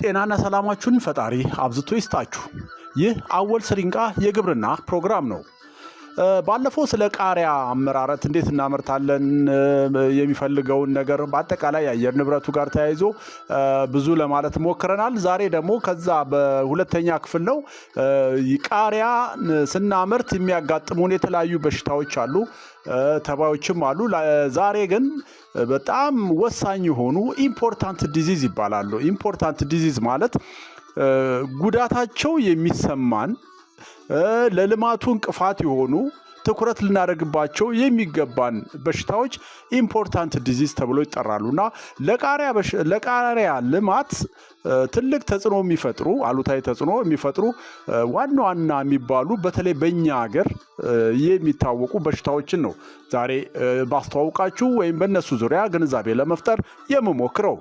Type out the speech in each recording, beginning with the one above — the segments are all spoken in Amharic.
ጤናና ሰላማችሁን ፈጣሪ አብዝቶ ይስጣችሁ። ይህ አወል ስሪንቃ የግብርና ፕሮግራም ነው። ባለፈው ስለ ቃሪያ አመራረት እንዴት እናመርታለን የሚፈልገውን ነገር በአጠቃላይ የአየር ንብረቱ ጋር ተያይዞ ብዙ ለማለት ሞክረናል። ዛሬ ደግሞ ከዛ በሁለተኛ ክፍል ነው ቃሪያ ስናመርት የሚያጋጥሙን የተለያዩ በሽታዎች አሉ፣ ተባዮችም አሉ። ዛሬ ግን በጣም ወሳኝ የሆኑ ኢምፖርታንት ዲዚዝ ይባላሉ። ኢምፖርታንት ዲዚዝ ማለት ጉዳታቸው የሚሰማን ለልማቱ እንቅፋት የሆኑ ትኩረት ልናደርግባቸው የሚገባን በሽታዎች ኢምፖርታንት ዲዚዝ ተብሎ ይጠራሉ እና ለቃሪያ ልማት ትልቅ ተጽዕኖ የሚፈጥሩ አሉታዊ ተጽዕኖ የሚፈጥሩ ዋና ዋና የሚባሉ በተለይ በእኛ ሀገር የሚታወቁ በሽታዎችን ነው ዛሬ ባስተዋውቃችሁ ወይም በእነሱ ዙሪያ ግንዛቤ ለመፍጠር የምሞክረው።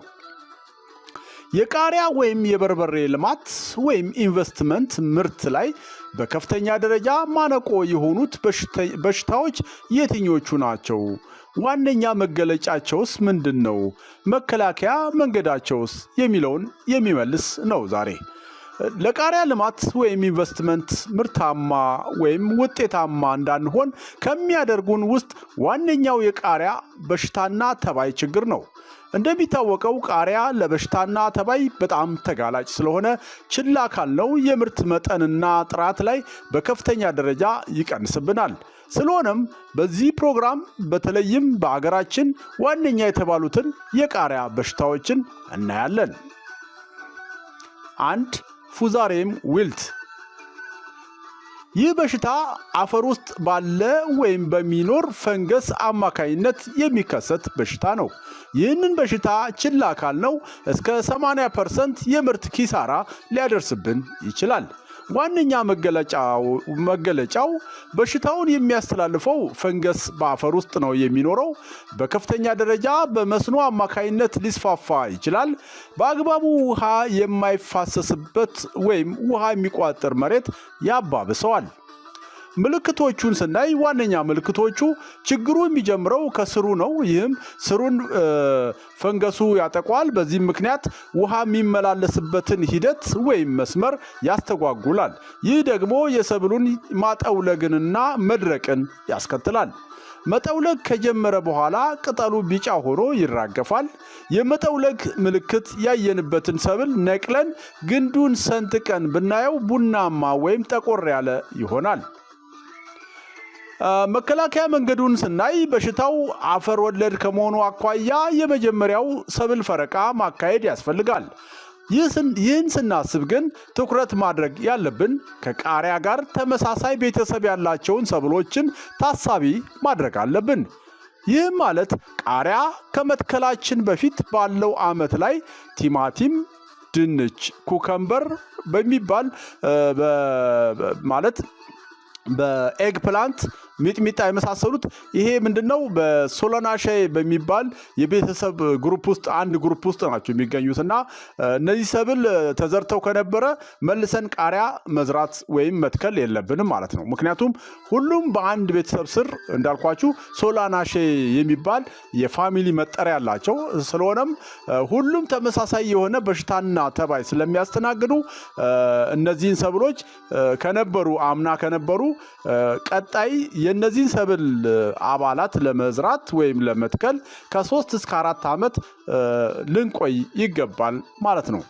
የቃሪያ ወይም የበርበሬ ልማት ወይም ኢንቨስትመንት ምርት ላይ በከፍተኛ ደረጃ ማነቆ የሆኑት በሽታዎች የትኞቹ ናቸው? ዋነኛ መገለጫቸውስ ምንድን ነው? መከላከያ መንገዳቸውስ? የሚለውን የሚመልስ ነው ዛሬ። ለቃሪያ ልማት ወይም ኢንቨስትመንት ምርታማ ወይም ውጤታማ እንዳንሆን ከሚያደርጉን ውስጥ ዋነኛው የቃሪያ በሽታና ተባይ ችግር ነው። እንደሚታወቀው ቃሪያ ለበሽታና ተባይ በጣም ተጋላጭ ስለሆነ ችላ ካለው የምርት መጠንና ጥራት ላይ በከፍተኛ ደረጃ ይቀንስብናል። ስለሆነም በዚህ ፕሮግራም በተለይም በአገራችን ዋነኛ የተባሉትን የቃሪያ በሽታዎችን እናያለን። አንድ ፉዛሬም ዊልት ይህ በሽታ አፈር ውስጥ ባለ ወይም በሚኖር ፈንገስ አማካይነት የሚከሰት በሽታ ነው። ይህንን በሽታ ችላ ካልነው እስከ 80 ፐርሰንት የምርት ኪሳራ ሊያደርስብን ይችላል። ዋነኛ መገለጫው በሽታውን የሚያስተላልፈው ፈንገስ በአፈር ውስጥ ነው የሚኖረው። በከፍተኛ ደረጃ በመስኖ አማካይነት ሊስፋፋ ይችላል። በአግባቡ ውሃ የማይፋሰስበት ወይም ውሃ የሚቋጥር መሬት ያባብሰዋል። ምልክቶቹን ስናይ ዋነኛ ምልክቶቹ ችግሩ የሚጀምረው ከስሩ ነው። ይህም ስሩን ፈንገሱ ያጠቋል። በዚህም ምክንያት ውሃ የሚመላለስበትን ሂደት ወይም መስመር ያስተጓጉላል። ይህ ደግሞ የሰብሉን ማጠውለግንና መድረቅን ያስከትላል። መጠውለግ ከጀመረ በኋላ ቅጠሉ ቢጫ ሆኖ ይራገፋል። የመጠውለግ ምልክት ያየንበትን ሰብል ነቅለን ግንዱን ሰንጥቀን ብናየው ቡናማ ወይም ጠቆር ያለ ይሆናል። መከላከያ መንገዱን ስናይ በሽታው አፈር ወለድ ከመሆኑ አኳያ የመጀመሪያው ሰብል ፈረቃ ማካሄድ ያስፈልጋል። ይህን ስናስብ ግን ትኩረት ማድረግ ያለብን ከቃሪያ ጋር ተመሳሳይ ቤተሰብ ያላቸውን ሰብሎችን ታሳቢ ማድረግ አለብን። ይህም ማለት ቃሪያ ከመትከላችን በፊት ባለው ዓመት ላይ ቲማቲም፣ ድንች፣ ኩከምበር በሚባል ማለት በኤግ ፕላንት ሚጥሚጣ የመሳሰሉት ይሄ ምንድነው በሶሎናሼ በሚባል የቤተሰብ ግሩፕ ውስጥ አንድ ግሩፕ ውስጥ ናቸው የሚገኙት እና እነዚህ ሰብል ተዘርተው ከነበረ መልሰን ቃሪያ መዝራት ወይም መትከል የለብንም ማለት ነው። ምክንያቱም ሁሉም በአንድ ቤተሰብ ስር እንዳልኳችሁ ሶላናሼ የሚባል የፋሚሊ መጠሪያ አላቸው። ስለሆነም ሁሉም ተመሳሳይ የሆነ በሽታና ተባይ ስለሚያስተናግዱ እነዚህን ሰብሎች ከነበሩ አምና ከነበሩ ቀጣይ የእነዚህን ሰብል አባላት ለመዝራት ወይም ለመትከል ከሶስት እስከ አራት ዓመት ልንቆይ ይገባል ማለት ነው።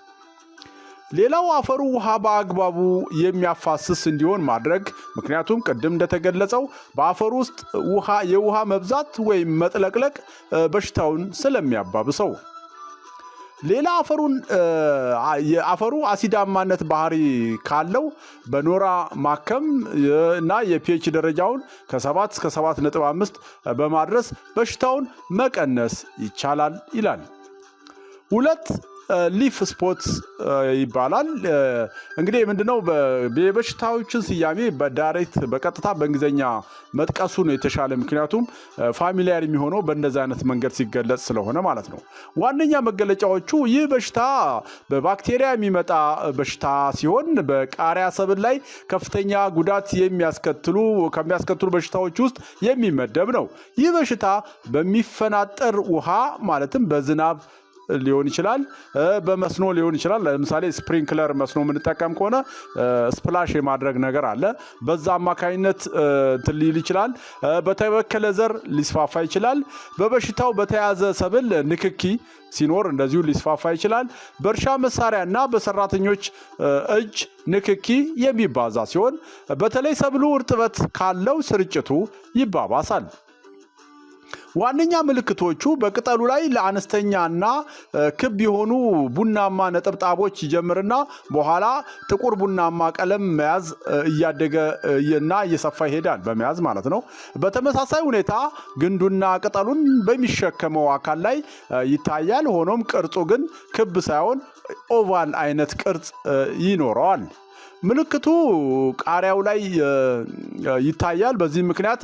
ሌላው አፈሩ ውሃ በአግባቡ የሚያፋስስ እንዲሆን ማድረግ። ምክንያቱም ቅድም እንደተገለጸው በአፈር ውስጥ ውሃ የውሃ መብዛት ወይም መጥለቅለቅ በሽታውን ስለሚያባብሰው ሌላ አፈሩን የአፈሩ አሲዳማነት ባህሪ ካለው በኖራ ማከም እና የፒኤች ደረጃውን ከ7 ነጥብ አምስት በማድረስ በሽታውን መቀነስ ይቻላል ይላል። ሁለት ሊፍ ስፖት ይባላል። እንግዲህ ምንድነው የበሽታዎችን ስያሜ በዳይሬክት በቀጥታ በእንግሊዝኛ መጥቀሱ ነው የተሻለ፣ ምክንያቱም ፋሚሊያር የሚሆነው በእንደዚ አይነት መንገድ ሲገለጽ ስለሆነ ማለት ነው። ዋነኛ መገለጫዎቹ ይህ በሽታ በባክቴሪያ የሚመጣ በሽታ ሲሆን በቃሪያ ሰብል ላይ ከፍተኛ ጉዳት የሚያስከትሉ ከሚያስከትሉ በሽታዎች ውስጥ የሚመደብ ነው። ይህ በሽታ በሚፈናጠር ውሃ ማለትም በዝናብ ሊሆን ይችላል፣ በመስኖ ሊሆን ይችላል። ለምሳሌ ስፕሪንክለር መስኖ የምንጠቀም ከሆነ ስፕላሽ የማድረግ ነገር አለ። በዛ አማካኝነት ሊል ይችላል። በተበከለ ዘር ሊስፋፋ ይችላል። በበሽታው በተያዘ ሰብል ንክኪ ሲኖር እንደዚሁ ሊስፋፋ ይችላል። በእርሻ እና በሰራተኞች እጅ ንክኪ የሚባዛ ሲሆን በተለይ ሰብሉ እርጥበት ካለው ስርጭቱ ይባባሳል። ዋነኛ ምልክቶቹ በቅጠሉ ላይ ለአነስተኛና ክብ የሆኑ ቡናማ ነጠብጣቦች ይጀምርና በኋላ ጥቁር ቡናማ ቀለም መያዝ እያደገ እና እየሰፋ ይሄዳል። በመያዝ ማለት ነው። በተመሳሳይ ሁኔታ ግንዱና ቅጠሉን በሚሸከመው አካል ላይ ይታያል። ሆኖም ቅርጹ ግን ክብ ሳይሆን ኦቫል አይነት ቅርጽ ይኖረዋል። ምልክቱ ቃሪያው ላይ ይታያል። በዚህ ምክንያት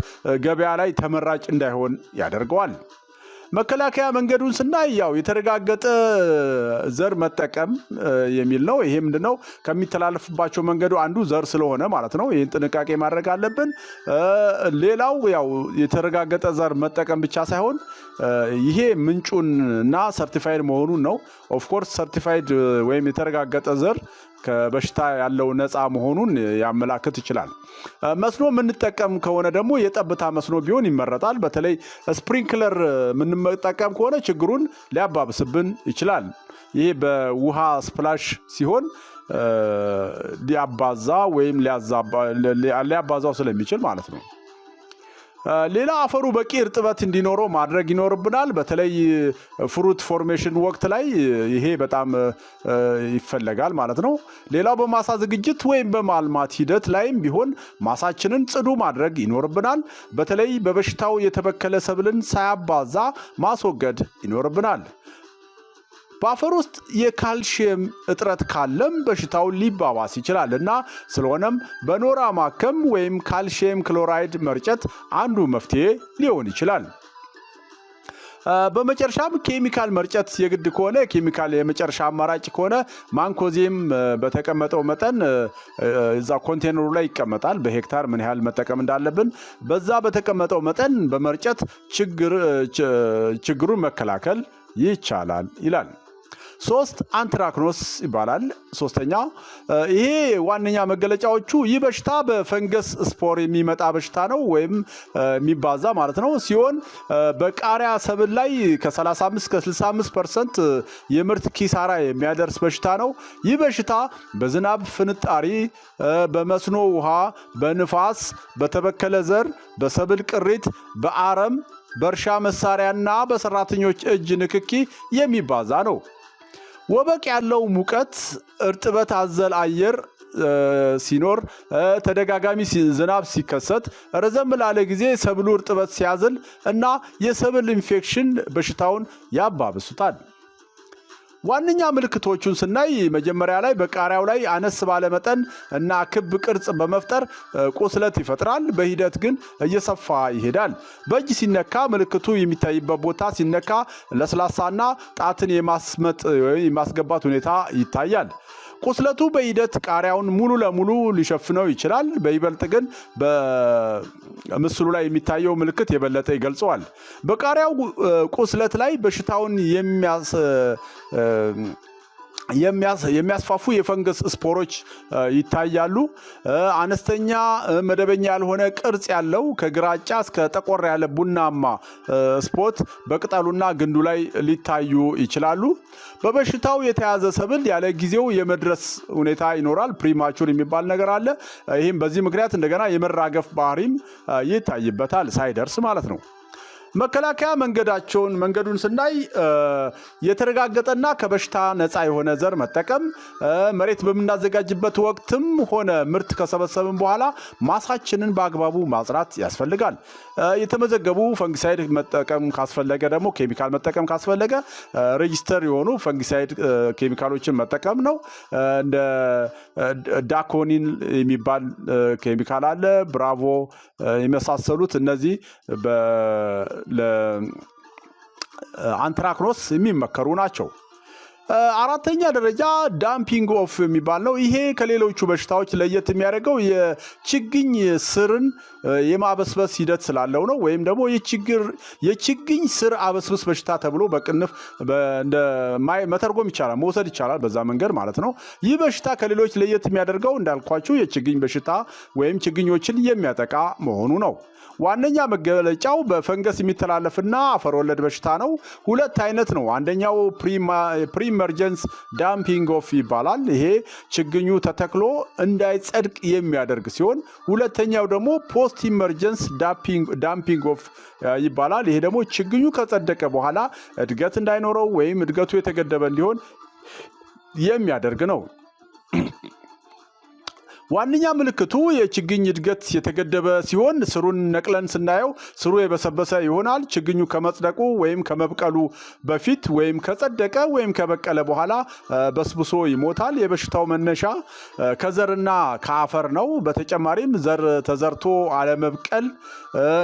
ገበያ ላይ ተመራጭ እንዳይሆን ያደርገዋል። መከላከያ መንገዱን ስናይ ያው የተረጋገጠ ዘር መጠቀም የሚል ነው። ይሄ ምንድነው ከሚተላለፍባቸው መንገዱ አንዱ ዘር ስለሆነ ማለት ነው። ይህን ጥንቃቄ ማድረግ አለብን። ሌላው ያው የተረጋገጠ ዘር መጠቀም ብቻ ሳይሆን ይሄ ምንጩን እና ሰርቲፋይድ መሆኑን ነው። ኦፍኮርስ ሰርቲፋይድ ወይም የተረጋገጠ ዘር ከበሽታ ያለው ነፃ መሆኑን ያመላክት ይችላል። መስኖ የምንጠቀም ከሆነ ደግሞ የጠብታ መስኖ ቢሆን ይመረጣል። በተለይ ስፕሪንክለር የምንጠቀም ከሆነ ችግሩን ሊያባብስብን ይችላል። ይህ በውሃ ስፕላሽ ሲሆን ሊያባዛ ወይም ሊያባዛው ስለሚችል ማለት ነው። ሌላ አፈሩ በቂ እርጥበት እንዲኖረው ማድረግ ይኖርብናል። በተለይ ፍሩት ፎርሜሽን ወቅት ላይ ይሄ በጣም ይፈለጋል ማለት ነው። ሌላው በማሳ ዝግጅት ወይም በማልማት ሂደት ላይም ቢሆን ማሳችንን ጽዱ ማድረግ ይኖርብናል። በተለይ በበሽታው የተበከለ ሰብልን ሳያባዛ ማስወገድ ይኖርብናል። በአፈር ውስጥ የካልሽየም እጥረት ካለም በሽታው ሊባባስ ይችላል እና ስለሆነም በኖራ ማከም ወይም ካልሽየም ክሎራይድ መርጨት አንዱ መፍትሄ ሊሆን ይችላል። በመጨረሻም ኬሚካል መርጨት የግድ ከሆነ ኬሚካል የመጨረሻ አማራጭ ከሆነ ማንኮዜም በተቀመጠው መጠን እዛ ኮንቴነሩ ላይ ይቀመጣል። በሄክታር ምን ያህል መጠቀም እንዳለብን በዛ በተቀመጠው መጠን በመርጨት ችግሩን መከላከል ይቻላል ይላል። ሶስት አንትራክኖስ ይባላል። ሶስተኛ ይሄ ዋነኛ መገለጫዎቹ ይህ በሽታ በፈንገስ ስፖር የሚመጣ በሽታ ነው ወይም የሚባዛ ማለት ነው ሲሆን በቃሪያ ሰብል ላይ ከ35 እስከ 65 ፐርሰንት የምርት ኪሳራ የሚያደርስ በሽታ ነው። ይህ በሽታ በዝናብ ፍንጣሪ፣ በመስኖ ውሃ፣ በንፋስ፣ በተበከለ ዘር፣ በሰብል ቅሪት፣ በአረም፣ በእርሻ መሳሪያና በሰራተኞች እጅ ንክኪ የሚባዛ ነው። ወበቅ ያለው ሙቀት እርጥበት አዘል አየር ሲኖር ተደጋጋሚ ዝናብ ሲከሰት ረዘም ላለ ጊዜ ሰብሉ እርጥበት ሲያዝል እና የሰብል ኢንፌክሽን በሽታውን ያባብሱታል። ዋነኛ ምልክቶቹን ስናይ መጀመሪያ ላይ በቃሪያው ላይ አነስ ባለ መጠን እና ክብ ቅርጽ በመፍጠር ቁስለት ይፈጥራል። በሂደት ግን እየሰፋ ይሄዳል። በእጅ ሲነካ ምልክቱ የሚታይበት ቦታ ሲነካ ለስላሳና ጣትን የማስመጥ የማስገባት ሁኔታ ይታያል። ቁስለቱ በሂደት ቃሪያውን ሙሉ ለሙሉ ሊሸፍነው ይችላል። በይበልጥ ግን በምስሉ ላይ የሚታየው ምልክት የበለጠ ይገልጸዋል። በቃሪያው ቁስለት ላይ በሽታውን የሚያስፋፉ የፈንገስ ስፖሮች ይታያሉ። አነስተኛ መደበኛ ያልሆነ ቅርጽ ያለው ከግራጫ እስከ ጠቆር ያለ ቡናማ ስፖት በቅጠሉና ግንዱ ላይ ሊታዩ ይችላሉ። በበሽታው የተያዘ ሰብል ያለ ጊዜው የመድረስ ሁኔታ ይኖራል። ፕሪማቹር የሚባል ነገር አለ። ይህም በዚህ ምክንያት እንደገና የመራገፍ ባህሪም ይታይበታል፣ ሳይደርስ ማለት ነው። መከላከያ መንገዳቸውን መንገዱን ስናይ የተረጋገጠና ከበሽታ ነፃ የሆነ ዘር መጠቀም፣ መሬት በምናዘጋጅበት ወቅትም ሆነ ምርት ከሰበሰብን በኋላ ማሳችንን በአግባቡ ማጽራት ያስፈልጋል። የተመዘገቡ ፈንግሳይድ መጠቀም ካስፈለገ ደግሞ ኬሚካል መጠቀም ካስፈለገ ሬጂስተር የሆኑ ፈንግሳይድ ኬሚካሎችን መጠቀም ነው። እንደ ዳኮኒን የሚባል ኬሚካል አለ፣ ብራቮ የመሳሰሉት እነዚህ አንትራክኖስ የሚመከሩ ናቸው። አራተኛ ደረጃ ዳምፒንግ ኦፍ የሚባል ነው። ይሄ ከሌሎቹ በሽታዎች ለየት የሚያደርገው የችግኝ ስርን የማበስበስ ሂደት ስላለው ነው። ወይም ደግሞ የችግኝ ስር አበስብስ በሽታ ተብሎ በቅንፍ መተርጎም ይቻላል፣ መውሰድ ይቻላል በዛ መንገድ ማለት ነው። ይህ በሽታ ከሌሎች ለየት የሚያደርገው እንዳልኳችሁ የችግኝ በሽታ ወይም ችግኞችን የሚያጠቃ መሆኑ ነው። ዋነኛ መገለጫው በፈንገስ የሚተላለፍና አፈር ወለድ በሽታ ነው። ሁለት አይነት ነው። አንደኛው ፕሪመርጀንስ ዳምፒንግ ኦፍ ይባላል። ይሄ ችግኙ ተተክሎ እንዳይጸድቅ የሚያደርግ ሲሆን፣ ሁለተኛው ደግሞ ፖስት ኢመርጀንስ ዳምፒንግ ኦፍ ይባላል። ይሄ ደግሞ ችግኙ ከጸደቀ በኋላ እድገት እንዳይኖረው ወይም እድገቱ የተገደበ እንዲሆን የሚያደርግ ነው። ዋነኛ ምልክቱ የችግኝ እድገት የተገደበ ሲሆን ስሩን ነቅለን ስናየው ስሩ የበሰበሰ ይሆናል። ችግኙ ከመጽደቁ ወይም ከመብቀሉ በፊት ወይም ከጸደቀ ወይም ከበቀለ በኋላ በስብሶ ይሞታል። የበሽታው መነሻ ከዘርና ከአፈር ነው። በተጨማሪም ዘር ተዘርቶ አለመብቀል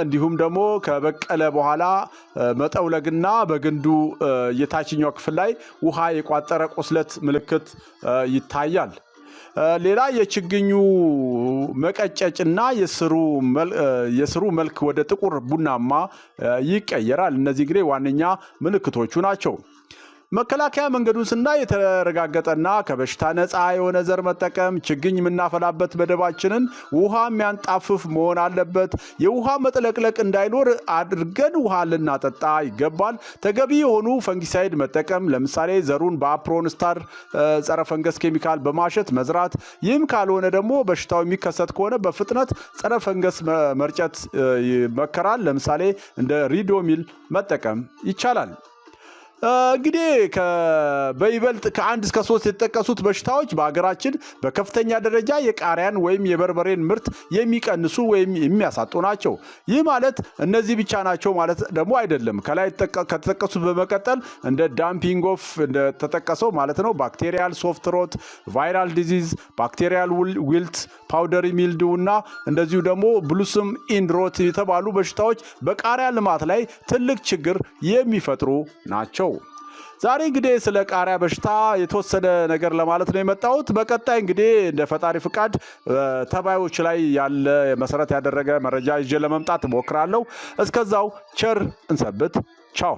እንዲሁም ደግሞ ከበቀለ በኋላ መጠውለግና በግንዱ የታችኛው ክፍል ላይ ውሃ የቋጠረ ቁስለት ምልክት ይታያል። ሌላ የችግኙ መቀጨጭና የስሩ መልክ ወደ ጥቁር ቡናማ ይቀየራል። እነዚህ እንግዲህ ዋነኛ ምልክቶቹ ናቸው። መከላከያ መንገዱን ስና የተረጋገጠና ከበሽታ ነፃ የሆነ ዘር መጠቀም፣ ችግኝ የምናፈላበት መደባችንን ውሃ የሚያንጣፍፍ መሆን አለበት። የውሃ መጥለቅለቅ እንዳይኖር አድርገን ውሃ ልናጠጣ ይገባል። ተገቢ የሆኑ ፈንጊሳይድ መጠቀም፣ ለምሳሌ ዘሩን በአፕሮን ስታር ጸረ ፈንገስ ኬሚካል በማሸት መዝራት። ይህም ካልሆነ ደግሞ በሽታው የሚከሰት ከሆነ በፍጥነት ጸረ ፈንገስ መርጨት ይመከራል። ለምሳሌ እንደ ሪዶሚል መጠቀም ይቻላል። እንግዲህ በይበልጥ ከአንድ እስከ ሶስት የተጠቀሱት በሽታዎች በሀገራችን በከፍተኛ ደረጃ የቃሪያን ወይም የበርበሬን ምርት የሚቀንሱ ወይም የሚያሳጡ ናቸው። ይህ ማለት እነዚህ ብቻ ናቸው ማለት ደግሞ አይደለም። ከላይ ከተጠቀሱት በመቀጠል እንደ ዳምፒንግ ኦፍ እንደተጠቀሰው ማለት ነው ባክቴሪያል ሶፍት ሮት፣ ቫይራል ዲዚዝ፣ ባክቴሪያል ዊልት፣ ፓውደሪ ሚልድው እና እንደዚሁ ደግሞ ብሉስም ኢንድሮት የተባሉ በሽታዎች በቃሪያ ልማት ላይ ትልቅ ችግር የሚፈጥሩ ናቸው። ዛሬ እንግዲህ ስለ ቃሪያ በሽታ የተወሰነ ነገር ለማለት ነው የመጣሁት። በቀጣይ እንግዲህ እንደ ፈጣሪ ፍቃድ ተባዮች ላይ ያለ መሰረት ያደረገ መረጃ ይዤ ለመምጣት እሞክራለሁ። እስከዛው ቸር እንሰብት ቻው